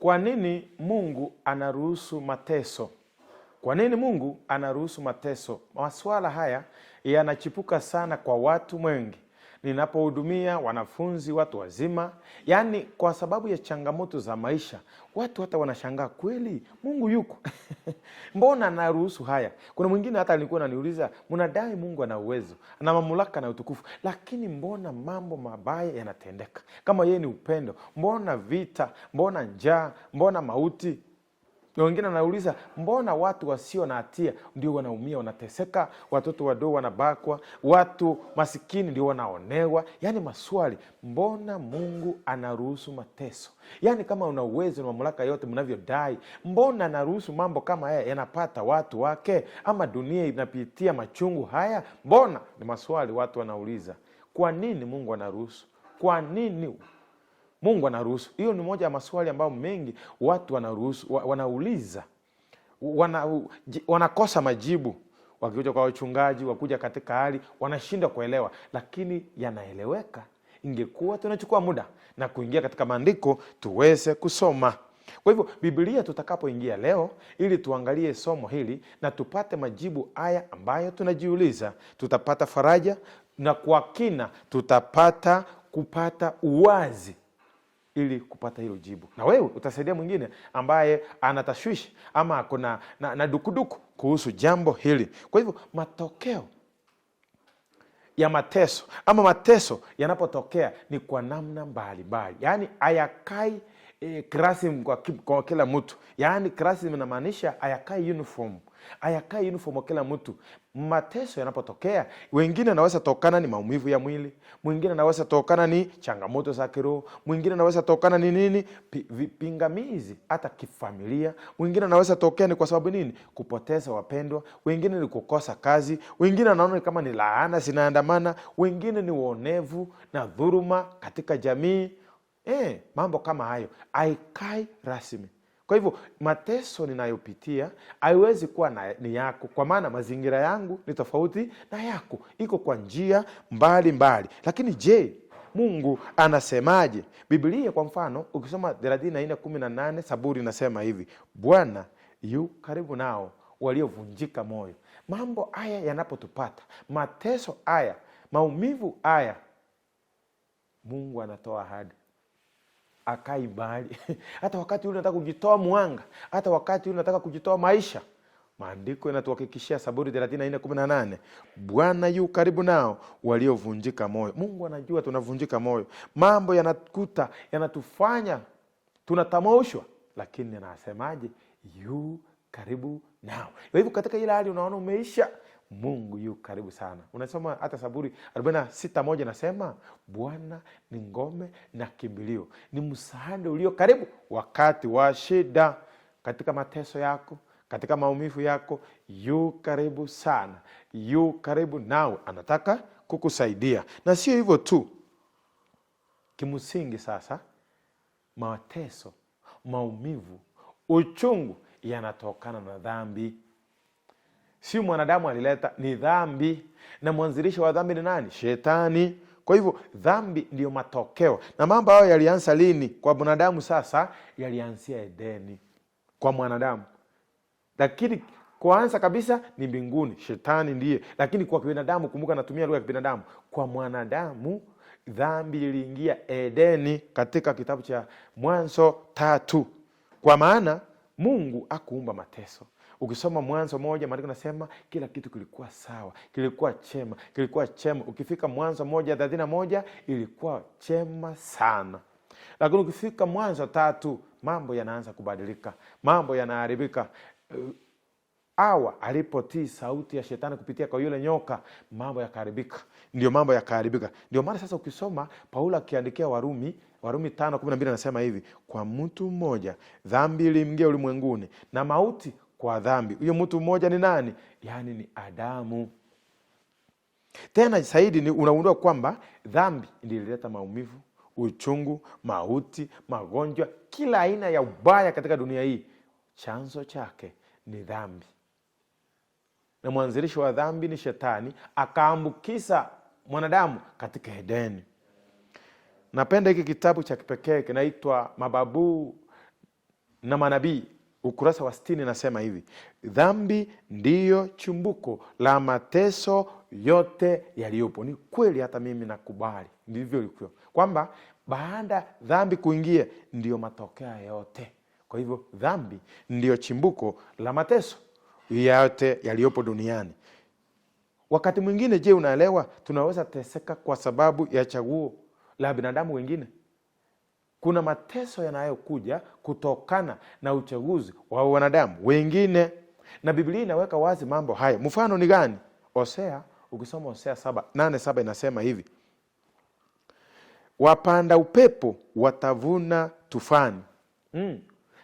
Kwa nini Mungu anaruhusu mateso? Kwa nini Mungu anaruhusu mateso? Masuala haya yanachipuka sana kwa watu mwengi ninapohudumia wanafunzi, watu wazima, yaani kwa sababu ya changamoto za maisha, watu hata wanashangaa kweli Mungu yuko mbona anaruhusu haya? Kuna mwingine hata alikuwa ananiuliza, mnadai Mungu ana uwezo na mamlaka na utukufu, lakini mbona mambo mabaya yanatendeka? Kama yeye ni upendo, mbona vita? Mbona njaa? Mbona mauti? na wengine anauliza mbona watu wasio na hatia ndio wanaumia, wanateseka, watoto wadogo wanabakwa, watu masikini ndio wanaonewa. Yaani maswali, mbona Mungu anaruhusu mateso? Yaani kama una uwezo na mamlaka yote mnavyodai, mbona anaruhusu mambo kama haya yanapata watu wake? Ama dunia inapitia machungu haya, mbona? Ni maswali watu wanauliza. Kwa nini Mungu anaruhusu? Kwa nini Mungu anaruhusu. Hiyo ni moja ya maswali ambayo mengi watu wanaruhusu, wanauliza, wana, wanakosa majibu wakikuja kwa wachungaji, wakuja katika hali wanashindwa kuelewa, lakini yanaeleweka. Ingekuwa tunachukua muda na kuingia katika maandiko tuweze kusoma. Kwa hivyo Biblia tutakapoingia leo, ili tuangalie somo hili na tupate majibu haya ambayo tunajiuliza, tutapata faraja na kwa kina tutapata kupata uwazi ili kupata hilo jibu, na wewe utasaidia mwingine ambaye ana tashwishi ama kuna na, na, dukuduku kuhusu jambo hili. Kwa hivyo matokeo ya mateso ama mateso yanapotokea ni kwa namna mbalimbali, yaani ayakai e, eh, krasim kwa, kwa kila mtu. Yaani krasim inamaanisha ayakai uniform, ayakai uniform kwa kila mtu mateso yanapotokea, wengine anaweza tokana ni maumivu ya mwili, mwingine anaweza tokana ni changamoto za kiroho, mwingine anaweza tokana ni nini, vipingamizi hata kifamilia, mwingine anaweza tokea ni kwa sababu nini, kupoteza wapendwa, wengine ni kukosa kazi, wengine anaona kama ni laana zinaandamana, wengine ni uonevu na dhuruma katika jamii. E, mambo kama hayo aikai rasmi. Kwa hivyo mateso ninayopitia haiwezi kuwa na, ni yako, kwa maana mazingira yangu ni tofauti na yako, iko kwa njia mbalimbali mbali. Lakini je, Mungu anasemaje? Biblia kwa mfano ukisoma 34:18 saburi inasema hivi, Bwana yu karibu nao waliovunjika moyo. Mambo haya yanapotupata, mateso haya, maumivu haya, Mungu anatoa ahadi akai mahali hata wakati ule unataka kujitoa mwanga, hata wakati ule unataka kujitoa maisha. Maandiko yanatuhakikishia Saburi 34:18, Bwana yu karibu nao waliovunjika moyo. Mungu anajua tunavunjika moyo, mambo yanakuta yanatufanya tunatamaushwa, lakini anasemaje? Yu karibu nao. Hivyo katika ile hali unaona umeisha Mungu yu karibu sana. Unasoma hata saburi arobaini moja nasema Bwana ni ngome na kimbilio, ni msaada ulio karibu wakati wa shida. Katika mateso yako, katika maumivu yako, yu karibu sana, yu karibu nawe, anataka kukusaidia. Na sio hivyo tu, kimsingi sasa mateso, maumivu, uchungu yanatokana na dhambi si mwanadamu alileta, ni dhambi, na mwanzilishi wa dhambi ni nani? Shetani. Kwa hivyo dhambi ndiyo matokeo, na mambo hayo yalianza lini kwa mwanadamu? Sasa yalianzia Edeni kwa mwanadamu, lakini kwanza kabisa ni mbinguni, shetani ndiye. Lakini kwa binadamu, kumbuka natumia lugha ya kibinadamu, kwa mwanadamu dhambi iliingia Edeni, katika kitabu cha Mwanzo tatu, kwa maana Mungu akuumba mateso Ukisoma Mwanzo moja, maandiko nasema kila kitu kilikuwa sawa, kilikuwa chema, kilikuwa chema. Ukifika Mwanzo moja thelathini na moja ilikuwa chema sana, lakini ukifika Mwanzo tatu mambo yanaanza kubadilika, mambo yanaharibika. awa alipotii sauti ya shetani kupitia kwa yule nyoka, mambo yakaharibika, ndio mambo yakaharibika. Ndio maana sasa ukisoma Paulo akiandikia Warumi, Warumi tano kumi na mbili anasema hivi: kwa mtu mmoja dhambi iliingia ulimwenguni na mauti kwa dhambi. Huyo mtu mmoja ni nani? Yaani ni Adamu. Tena zaidi unaundua kwamba dhambi ndilileta maumivu, uchungu, mauti, magonjwa, kila aina ya ubaya katika dunia hii, chanzo chake ni dhambi, na mwanzilishi wa dhambi ni Shetani, akaambukiza mwanadamu katika Edeni. Napenda hiki kitabu cha kipekee kinaitwa Mababuu na Manabii ukurasa wa sitini nasema hivi: dhambi ndiyo chumbuko la mateso yote yaliyopo. Ni kweli, hata mimi nakubali ndivyo ilivyo, kwamba baada dhambi kuingia ndiyo matokeo yote. Kwa hivyo dhambi ndiyo chimbuko la mateso yote yaliyopo duniani. Wakati mwingine, je, unaelewa tunaweza teseka kwa sababu ya chaguo la binadamu wengine kuna mateso yanayokuja kutokana na uchaguzi wa wanadamu wengine, na Biblia inaweka wazi mambo hayo. Mfano ni gani? Hosea, ukisoma Hosea saba nane saba inasema hivi, wapanda upepo watavuna tufani. Mm.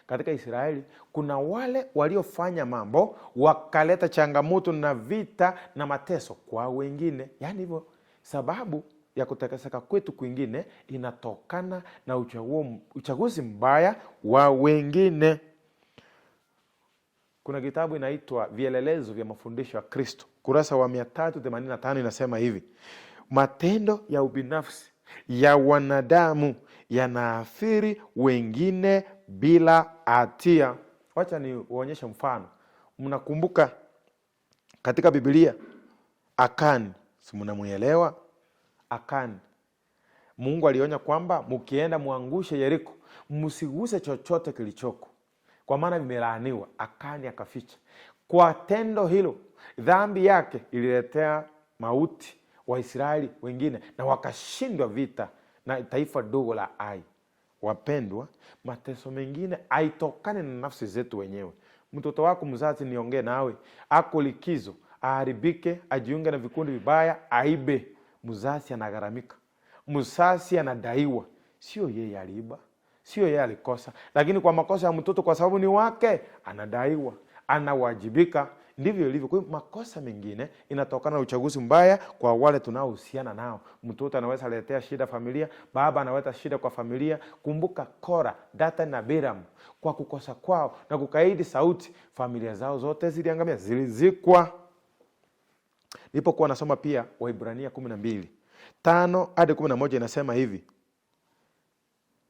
Katika Israeli kuna wale waliofanya mambo wakaleta changamoto na vita na mateso kwa wengine, yaani hivyo sababu ya kutekeseka kwetu kwingine inatokana na uchaguzi mbaya wa wengine. Kuna kitabu inaitwa Vielelezo vya Mafundisho ya Kristo, kurasa wa 385 inasema hivi: matendo ya ubinafsi ya wanadamu yanaathiri wengine bila hatia. Wacha ni uonyeshe mfano. Mnakumbuka katika Bibilia Akani, si akan Mungu alionya kwamba mkienda mwangushe Yeriko, msiguse chochote kilichoko, kwa maana vimelaaniwa. Akani akaficha. Kwa tendo hilo, dhambi yake ililetea mauti Waisraeli wengine na wakashindwa vita na taifa dogo la Ai. Wapendwa, mateso mengine aitokane na nafsi zetu wenyewe. Mtoto wako mzazi, niongee nawe, ako likizo, aharibike, ajiunge na vikundi vibaya, aibe mzazi anagharamika, mzazi anadaiwa. Sio yeye aliiba, sio yeye alikosa, lakini kwa makosa ya mtoto, kwa sababu ni wake, anadaiwa, anawajibika. Ndivyo ilivyo. Kwa hiyo makosa mengine inatokana na uchaguzi mbaya kwa wale tunaohusiana nao. Mtoto anaweza letea shida familia, baba anaweza shida kwa familia. Kumbuka Kora, Datani na Biram, kwa kukosa kwao na kukaidi sauti, familia zao zote ziliangamia, zilizikwa nilipokuwa nasoma pia Waibrania kumi na mbili tano hadi kumi na moja inasema hivi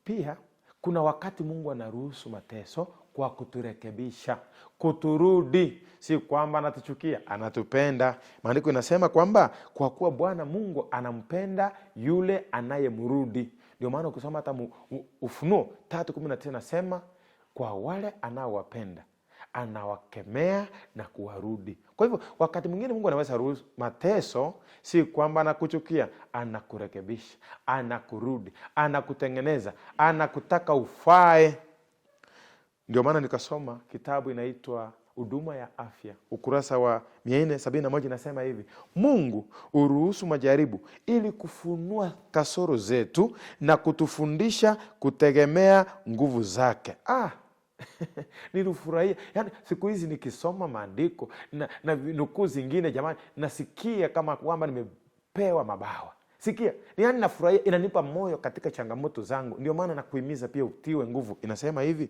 pia kuna wakati Mungu anaruhusu mateso kwa kuturekebisha, kuturudi. Si kwamba anatuchukia, anatupenda. Maandiko inasema kwamba kwa kuwa Bwana Mungu anampenda yule anayemrudi. Ndio maana ukisoma hata Ufunuo tatu kumi na tisa inasema kwa wale anaowapenda anawakemea na kuwarudi. Kwa hivyo wakati mwingine Mungu anaweza ruhusu mateso, si kwamba anakuchukia, anakurekebisha, anakurudi, anakutengeneza, anakutaka ufae. Ndio maana nikasoma kitabu inaitwa Huduma ya Afya, ukurasa wa mia nne sabini na moja inasema hivi: Mungu huruhusu majaribu ili kufunua kasoro zetu na kutufundisha kutegemea nguvu zake. Ah, nilifurahia. Yani siku hizi nikisoma maandiko na, na nukuu zingine, jamani, nasikia kama kwamba nimepewa mabawa Sikia, yani nafurahia, inanipa moyo katika changamoto zangu. Ndio maana nakuhimiza pia utiwe nguvu. Inasema hivi,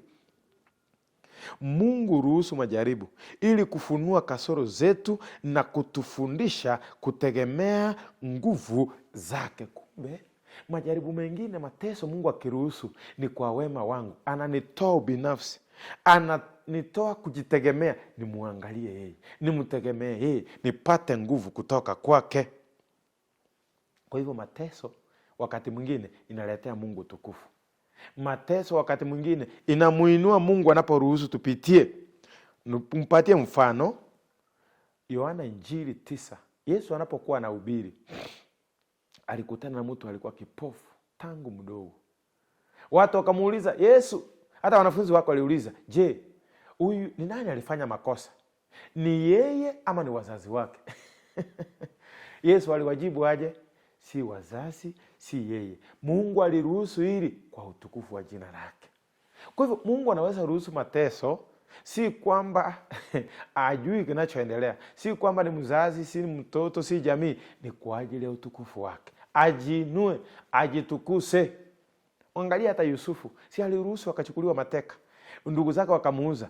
Mungu ruhusu majaribu ili kufunua kasoro zetu na kutufundisha kutegemea nguvu zake. Kumbe Majaribu mengine, mateso, Mungu akiruhusu ni kwa wema wangu, ananitoa ubinafsi, ananitoa kujitegemea, nimwangalie yeye, nimtegemee yeye, nipate nguvu kutoka kwake. Kwa hivyo mateso wakati mwingine inaletea Mungu tukufu. Mateso wakati mwingine inamuinua Mungu anaporuhusu tupitie. Mpatie mfano Yohana Injili tisa, Yesu anapokuwa ubiri alikutana na mtu alikuwa kipofu tangu mdogo. Watu wakamuuliza Yesu, hata wanafunzi wako waliuliza, je, huyu ni nani alifanya makosa, ni yeye ama ni wazazi wake? Yesu aliwajibu aje? Si wazazi, si yeye. Mungu aliruhusu hili kwa utukufu wa jina lake. Kwa hivyo Mungu anaweza ruhusu mateso, si kwamba ajui kinachoendelea, si kwamba ni mzazi, si mtoto, si jamii, ni kwa ajili ya utukufu wake ajiinue, ajitukuse. Angalia hata Yusufu, si aliruhusu akachukuliwa mateka, ndugu zake wakamuuza.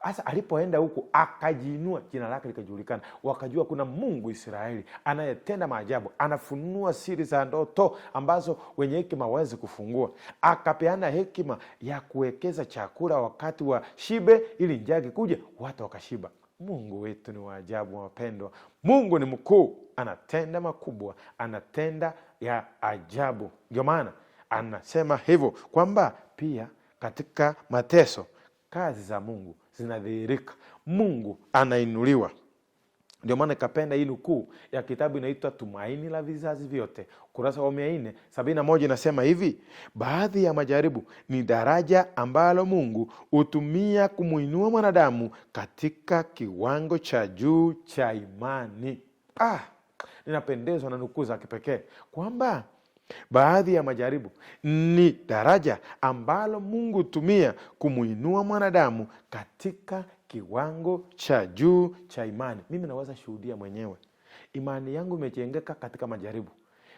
Hasa alipoenda huko akajiinua, jina lake likajulikana, wakajua kuna Mungu Israeli anayetenda maajabu, anafunua siri za ndoto ambazo wenye hekima waweze kufungua. Akapeana hekima ya kuwekeza chakula wakati wa shibe, ili njagi kuja watu wakashiba. Mungu wetu ni wa ajabu, wapendwa. Mungu ni mkuu, anatenda makubwa, anatenda ya ajabu. Ndio maana anasema hivyo kwamba pia katika mateso kazi za Mungu zinadhihirika, Mungu anainuliwa. Ndio maana ikapenda hii nukuu ya kitabu inaitwa Tumaini la Vizazi Vyote, ukurasa wa mia nne sabini na moja inasema hivi: baadhi ya majaribu ni daraja ambalo Mungu hutumia kumwinua mwanadamu katika kiwango cha juu cha imani. Ah, ninapendezwa na nukuu za kipekee kwamba baadhi ya majaribu ni daraja ambalo Mungu hutumia kumwinua mwanadamu katika kiwango cha juu cha imani. Mimi naweza shuhudia mwenyewe, imani yangu imejengeka katika majaribu,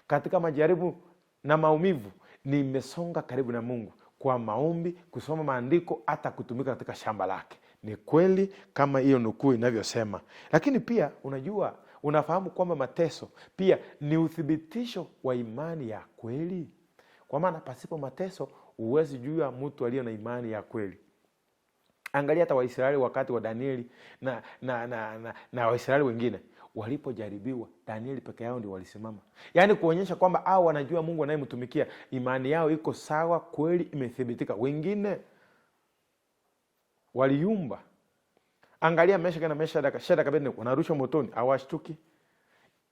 katika majaribu na maumivu nimesonga karibu na Mungu kwa maombi, kusoma maandiko, hata kutumika katika shamba lake. Ni kweli kama hiyo nukuu inavyosema, lakini pia unajua, unafahamu kwamba mateso pia ni uthibitisho wa imani ya kweli, kwa maana pasipo mateso huwezi jua mtu aliyo na imani ya kweli. Angalia hata Waisraeli wakati wa Danieli na, na, na, na, na Waisraeli wengine walipojaribiwa, Danieli peke yao ndio walisimama, yaani kuonyesha kwamba au wanajua Mungu anayemtumikia, imani yao iko sawa kweli, imethibitika. Wengine waliyumba. Angalia meshaka na Shadraka na wanarushwa motoni, awashtuki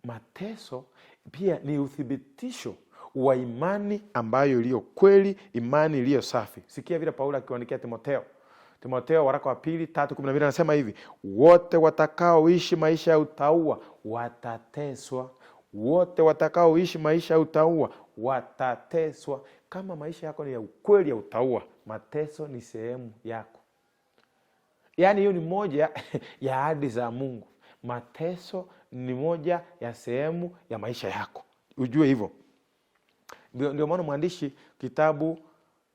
Mateso pia ni uthibitisho wa imani ambayo iliyo kweli, imani iliyo safi. Sikia vile Paulo akiwandikia Timotheo Timotheo waraka wa pili tatu kumi na mbili anasema hivi, wote watakaoishi maisha ya utaua watateswa. Wote watakaoishi maisha ya utaua watateswa. Kama maisha yako ni ya ukweli ya utaua mateso ni sehemu yako. Yaani hiyo ni moja ya ahadi za Mungu. Mateso ni moja ya sehemu ya maisha yako, ujue hivyo. Ndio maana mwandishi kitabu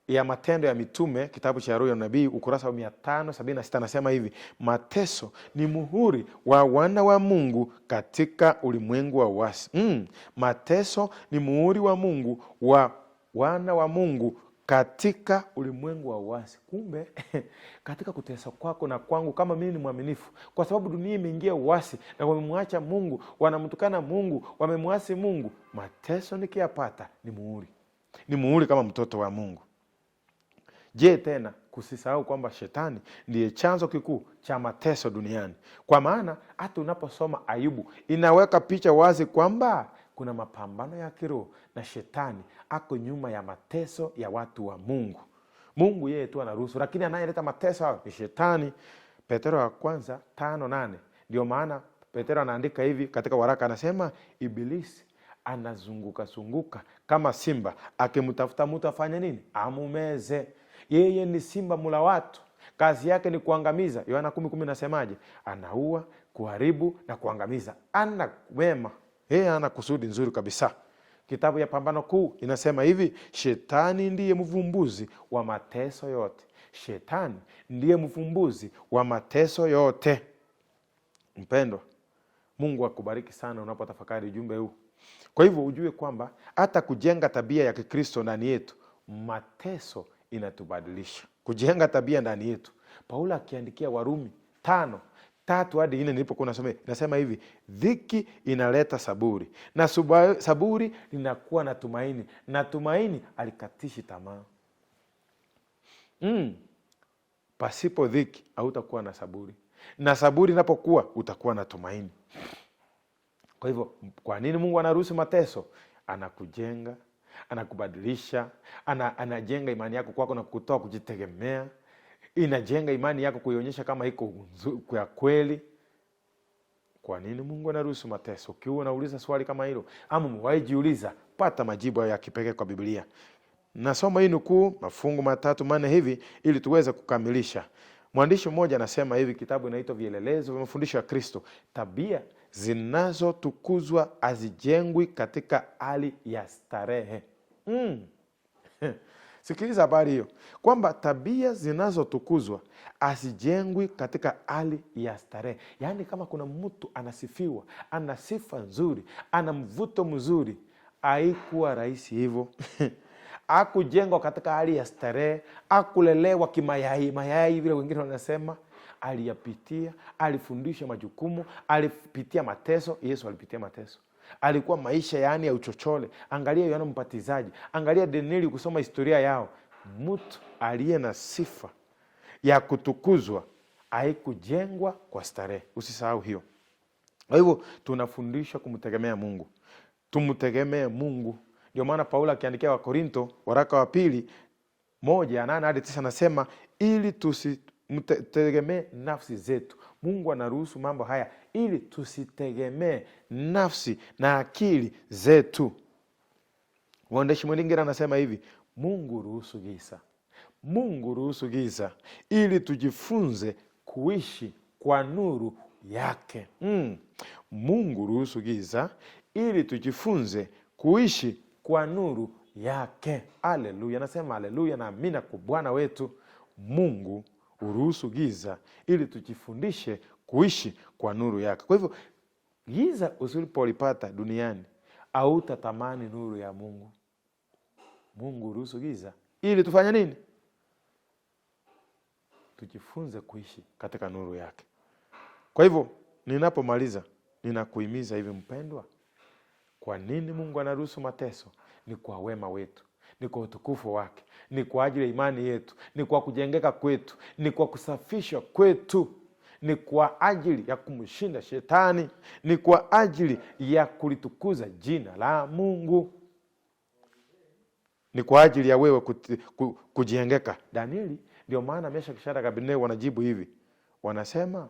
ya Matendo ya Mitume, kitabu cha Roho ya Nabii, ukurasa wa 576 anasema hivi: mateso ni muhuri wa wana wa Mungu katika ulimwengu wa wasi Mm, mateso ni muhuri wa Mungu wa wana wa Mungu katika ulimwengu wa uasi. Kumbe katika kutesa kwako na kwangu, kama mimi ni mwaminifu, kwa sababu dunia imeingia uasi na wamemwacha Mungu, wanamtukana Mungu, wamemwasi Mungu, mateso nikiyapata ni muhuri, ni muhuri kama mtoto wa Mungu. Je, tena kusisahau kwamba shetani ndiye chanzo kikuu cha mateso duniani. Kwa maana hata unaposoma Ayubu inaweka picha wazi kwamba kuna mapambano ya kiroho na shetani ako nyuma ya mateso ya watu wa Mungu. Mungu yeye tu anaruhusu, lakini anayeleta mateso hayo ni shetani. Petero wa kwanza tano nane. Ndio maana Petero anaandika hivi katika waraka, anasema Ibilisi anazunguka zunguka kama simba akimtafuta mtu afanye nini, amumeze. Yeye ni simba mula watu, kazi yake ni kuangamiza. Yohana kumi kumi nasemaje? Anaua, kuharibu na kuangamiza. Ana wema yeye, ana kusudi nzuri kabisa. Kitabu ya Pambano Kuu inasema hivi, shetani ndiye mvumbuzi wa mateso yote. Shetani ndiye mvumbuzi wa mateso yote. Mpendwa, Mungu akubariki sana unapotafakari ujumbe huu. Kwa hivyo ujue kwamba hata kujenga tabia ya Kikristo ndani yetu, mateso inatubadilisha, kujenga tabia ndani yetu. Paulo akiandikia Warumi tano tatu hadi nne nilipokuwa nasomea, nasema hivi: dhiki inaleta saburi na saburi linakuwa na tumaini na tumaini alikatishi tamaa. Mm, pasipo dhiki hautakuwa na saburi na saburi inapokuwa utakuwa na tumaini. Kwa hivyo, kwa nini Mungu anaruhusu mateso? Anakujenga anakubadilisha, ana, anajenga imani yako kwako na kukutoa kujitegemea, inajenga imani yako kuionyesha kama iko ya kweli. Kwa nini Mungu anaruhusu mateso? Ukiwa unauliza swali kama hilo ama umewahi jiuliza, pata majibu ya kipekee kwa Biblia. Nasoma hii nukuu mafungu matatu manne hivi ili tuweze kukamilisha. Mwandishi mmoja anasema hivi, kitabu inaitwa Vielelezo vya Mafundisho ya Kristo, tabia zinazotukuzwa hazijengwi katika hali ya starehe. Mm. Sikiliza habari hiyo kwamba tabia zinazotukuzwa hazijengwi katika hali ya starehe. Yaani, kama kuna mtu anasifiwa, ana sifa nzuri, ana mvuto mzuri, haikuwa rahisi hivyo hakujengwa katika hali ya starehe, akulelewa kimayai mayai vile wengine wanasema aliyapitia, alifundisha majukumu, alipitia mateso. Yesu alipitia mateso, alikuwa maisha yaani ya uchochole. Angalia Yohana Mbatizaji, angalia Danieli, kusoma historia yao. Mtu aliye na sifa ya kutukuzwa haikujengwa kwa starehe. Usisahau hiyo. Kwa hivyo tunafundishwa kumtegemea Mungu, tumtegemee Mungu. Ndio maana Paulo akiandikia Wakorinto waraka wa pili moja nane hadi tisa anasema ili tusi mtegemee nafsi zetu. Mungu anaruhusu mambo haya ili tusitegemee nafsi na akili zetu. mwandeshi mwingine anasema hivi, Mungu ruhusu giza, Mungu ruhusu giza ili tujifunze kuishi kwa nuru yake. Mm. Mungu ruhusu giza ili tujifunze kuishi kwa nuru yake. Aleluya, nasema aleluya na amina kwa Bwana wetu Mungu uruhusu giza ili tujifundishe kuishi kwa nuru yake. Kwa hivyo giza usilipolipata duniani autatamani nuru ya Mungu. Mungu uruhusu giza ili tufanye nini? Tujifunze kuishi katika nuru yake. Kwa hivyo ninapomaliza, ninakuhimiza hivi mpendwa, kwa nini Mungu anaruhusu mateso? Ni kwa wema wetu ni kwa utukufu wake, ni kwa ajili ya imani yetu, ni kwa kujengeka kwetu, ni kwa kusafishwa kwetu, ni kwa ajili ya kumshinda Shetani, ni kwa ajili ya kulitukuza jina la Mungu, ni kwa ajili ya wewe kujengeka. Danieli, ndio maana mesha Shadraka, Abednego wanajibu hivi, wanasema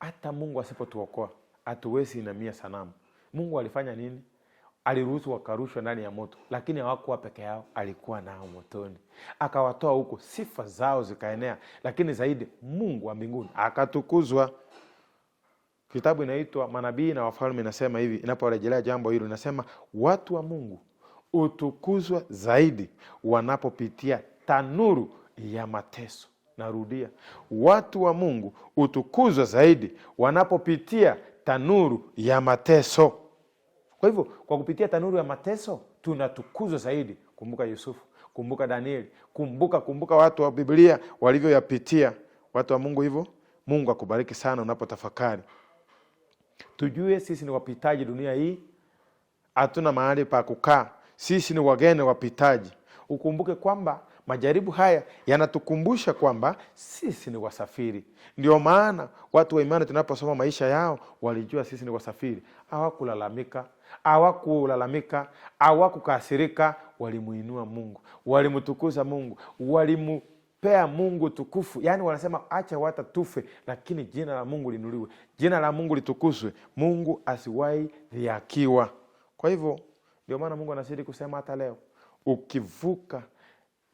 hata Mungu asipotuokoa hatuwezi inamia sanamu. Mungu alifanya nini? aliruhusu wakarushwa ndani ya moto, lakini hawakuwa peke yao, alikuwa nao motoni, akawatoa huko, sifa zao zikaenea, lakini zaidi Mungu wa mbinguni akatukuzwa. Kitabu inaitwa Manabii na Wafalme inasema hivi, inaporejelea jambo hilo inasema, watu wa Mungu hutukuzwa zaidi wanapopitia tanuru ya mateso. Narudia, watu wa Mungu hutukuzwa zaidi wanapopitia tanuru ya mateso. Kwa hivyo kwa kupitia tanuru ya mateso tunatukuzwa zaidi. Kumbuka Yusufu, kumbuka Danieli, kumbuka kumbuka watu wa Biblia walivyoyapitia watu wa Mungu. Hivyo Mungu akubariki sana unapotafakari. Tujue sisi ni wapitaji dunia hii, hatuna mahali pa kukaa. Sisi ni wageni wapitaji. Ukumbuke kwamba majaribu haya yanatukumbusha kwamba sisi ni wasafiri. Ndio maana watu wa imani tunaposoma maisha yao, walijua sisi ni wasafiri. Hawakulalamika, hawakulalamika, hawakukasirika. Walimuinua Mungu, walimtukuza Mungu, walimu pea Mungu tukufu. Yaani wanasema acha wata tufe, lakini jina la Mungu linuliwe, jina la Mungu litukuzwe, Mungu asiwahi dhiakiwa. Kwa hivyo ndio maana Mungu anazidi kusema hata leo ukivuka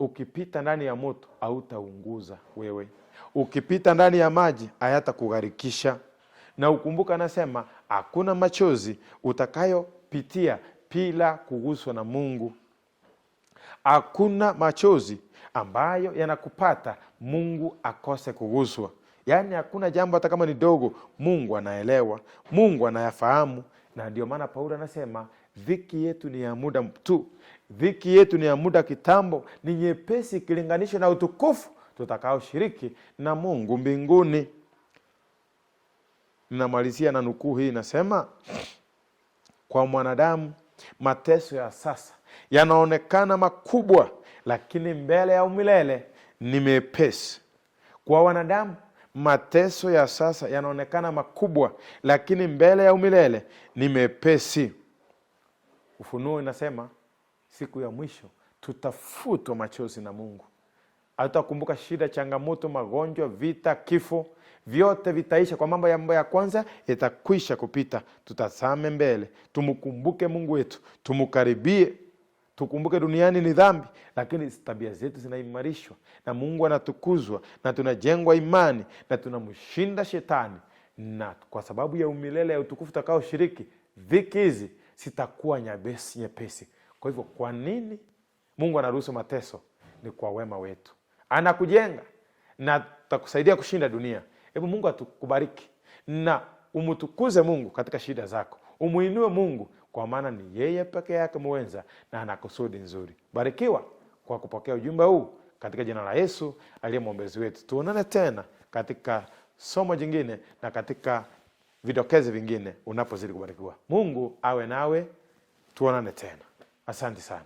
Ukipita ndani ya moto hautaunguza wewe, ukipita ndani ya maji hayatakugharikisha. Na ukumbuka, anasema hakuna machozi utakayopitia bila kuguswa na Mungu. Hakuna machozi ambayo yanakupata Mungu akose kuguswa. Yaani hakuna jambo hata kama ni dogo, Mungu anaelewa, Mungu anayafahamu, na ndio maana Paulo anasema Dhiki yetu ni ya muda tu, dhiki yetu ni ya muda kitambo, ni nyepesi ikilinganishwa na utukufu tutakaoshiriki na Mungu mbinguni. Ninamalizia na nukuu hii, inasema kwa mwanadamu mateso ya sasa yanaonekana makubwa, lakini mbele ya umilele ni mepesi. Kwa wanadamu mateso ya sasa yanaonekana makubwa, lakini mbele ya umilele ni mepesi. Ufunuo inasema siku ya mwisho tutafutwa machozi na Mungu. Hatutakumbuka shida, changamoto, magonjwa, vita, kifo, vyote vitaisha. Kwa mambo yambo ya kwanza yatakwisha kupita. Tutazame mbele, tumkumbuke Mungu wetu, tumukaribie. Tukumbuke duniani ni dhambi, lakini tabia zetu zinaimarishwa na Mungu anatukuzwa, na tunajengwa imani na tunamshinda Shetani, na kwa sababu ya umilele ya utukufu tutakaoshiriki dhiki hizi sitakuwa nyepesi. Kwa hivyo, kwa nini Mungu anaruhusu mateso? Ni kwa wema wetu, anakujenga na takusaidia kushinda dunia. Hebu Mungu atukubariki na umtukuze Mungu katika shida zako, umuinue Mungu kwa maana ni yeye peke yake muweza na ana kusudi nzuri. Barikiwa kwa kupokea ujumbe huu katika jina la Yesu aliye mwombezi wetu. Tuonane tena katika somo jingine na katika vidokezi vingine unapozidi kubarikiwa. Mungu awe nawe, tuonane tena. Asante sana.